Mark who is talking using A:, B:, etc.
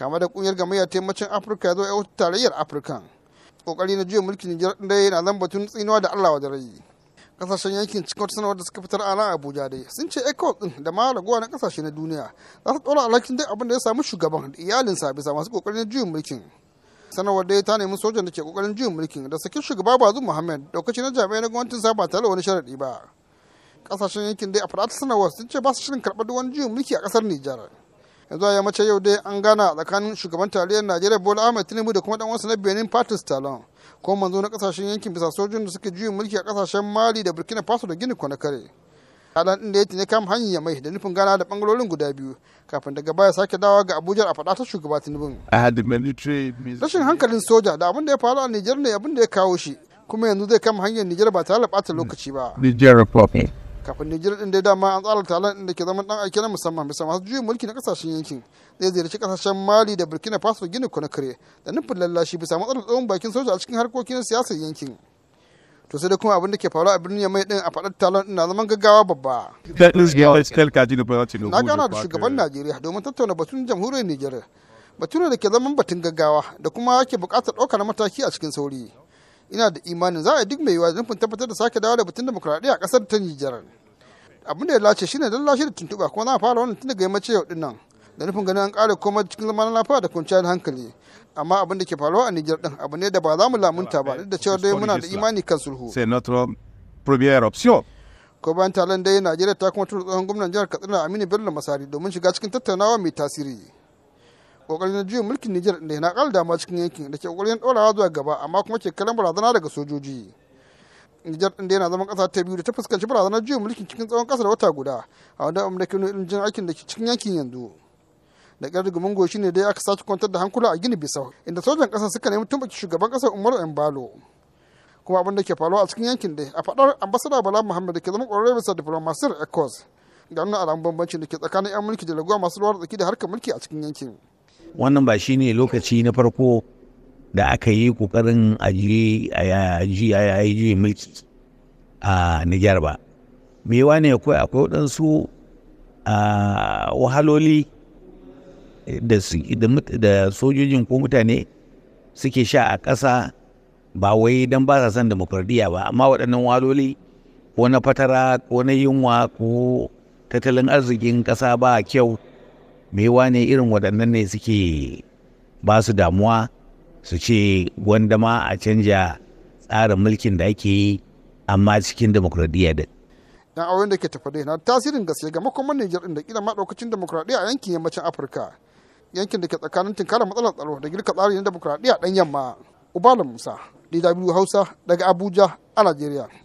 A: kama da kungiyar gamayyar taimacin afirka ya zo ya wuce tarayyar afirka kokari na juya mulkin nijar dai na lambatun tsinuwa da allah da rai kasashen yankin cikin wata sanarwar da suka fitar a abuja dai sun ce ecowas din da ma raguwa na kasashe na duniya za su ɗora alhakin duk abin da ya samu shugaban da iyalinsa bisa masu kokari na juyin mulkin sanarwar dai ta nemi sojan da ke kokarin juyin mulkin da sakin shugaba bazu muhammad daukaci na jami'ai na gwamnatin sa ba tare da wani sharaɗi ba kasashen yankin dai a sanarwar sun ce ba su shirin karɓar wani juyin mulki a ƙasar nijar yanzu a yammacin yau dai an gana tsakanin shugaban tarayyar najeriya bola ahmed tinubu da kuma dan wasu na benin patrice talon kuma manzo na kasashen yankin bisa sojojin da suke juyin mulki a kasashen mali da burkina faso da gini kwanakare halan din da ya tine kam hanyar mai da nufin gana da bangarorin guda biyu kafin daga baya sake dawa ga abuja a fadata ta shugaba tinubu
B: rashin
A: hankalin soja da abin da ya faru a nijar ne abin da ya kawo shi kuma yanzu zai kama hanyar nijar ba tare da bata lokaci ba.
B: Niger Republic.
A: kafin Nijar din dai dama an tsara taron din da ke zaman dan aiki na musamman bisa masu juyin mulki na kasashen yankin zai ziyarci kasashen Mali da Burkina Faso Gini Conakry da nufin lallashi bisa matsalar tsohon bakin soja a cikin harkokin siyasar yankin. to sai da kuma abin da ke faru a birnin mai din a faɗar talon na zaman gaggawa babba.
B: Na gana da shugaban
A: eh, Najeriya domin tattauna batun jamhuriyar Nijar. Batun da ke zaman batun gaggawa da kuma ke buƙatar ɗaukar mataki a cikin sauri. ina da imanin za a duk mai yiwuwa nufin tabbatar da sake dawo da batun demokuraɗiyya a ƙasar ta Nijar. Abin da ya lace shine don lashe da tuntuɓa kuma za a fara wannan tun daga yammacin yau dinnan da nufin ganin an ƙara komai cikin zaman lafiya da kwanciyar hankali. Amma abin da ke faruwa a Nijar din abu ne da ba za mu lamunta ba duk da cewa dai muna da imani kan sulhu. option. ko bayan talan dai najeriya ta kuma tura tsohon gwamnan jihar katsina aminu bello masari domin shiga cikin tattaunawa mai tasiri kokarin na juyin mulkin Nijar da na ƙara dama cikin yankin da ke kokarin ɗorawa zuwa gaba amma kuma ke kallon barazana daga sojoji. Nijar ɗin da yana zaman ƙasa ta biyu da ta fuskanci barazana juyin mulkin cikin tsawon ƙasa da wata guda a wanda amma da ke nuna jin aikin da ke cikin yankin yanzu. Da ƙyar rigumin goshi ne dai aka sake kwantar da hankula a gini bisau inda sojan ƙasa suka nemi tumɓuke shugaban ƙasar Umaru Embalo. kuma abin da ke faruwa a cikin yankin dai a faɗar ambasada bala muhammad da ke zama ƙwararre bisa diplomasiyar ecos ga nuna alamun bambancin da ke tsakanin 'yan mulki da raguwa masu ruwa tsaki da harkar mulki a cikin yankin
B: wannan ba shi ne lokaci na farko da aka yi kokarin ajiye ajiye mulki a Nijar ba me ne akwai akwai waɗansu wahaloli da sojojin ko mutane suke sha a ƙasa ba wai don ba sa son demokuraɗiyya ba amma waɗannan wahaloli ko na fatara ko na yunwa ko tattalin arzikin ƙasa ba kyau mewa ne irin waɗannan ne suke ba su damuwa su ce wanda ma a canja tsarin mulkin da ake yi amma cikin demokuraɗiyya din.
A: dan auren da ke tafaɗe na tasirin gaske ga makon Nijar din da kila ma daukacin demokuraɗiyya a yankin yammacin Afirka yankin da ke tsakanin tunkarar matsalar tsaro da girka tsarin demokuraɗiyya ɗan yamma Ubala Musa DW Hausa daga Abuja a Najeriya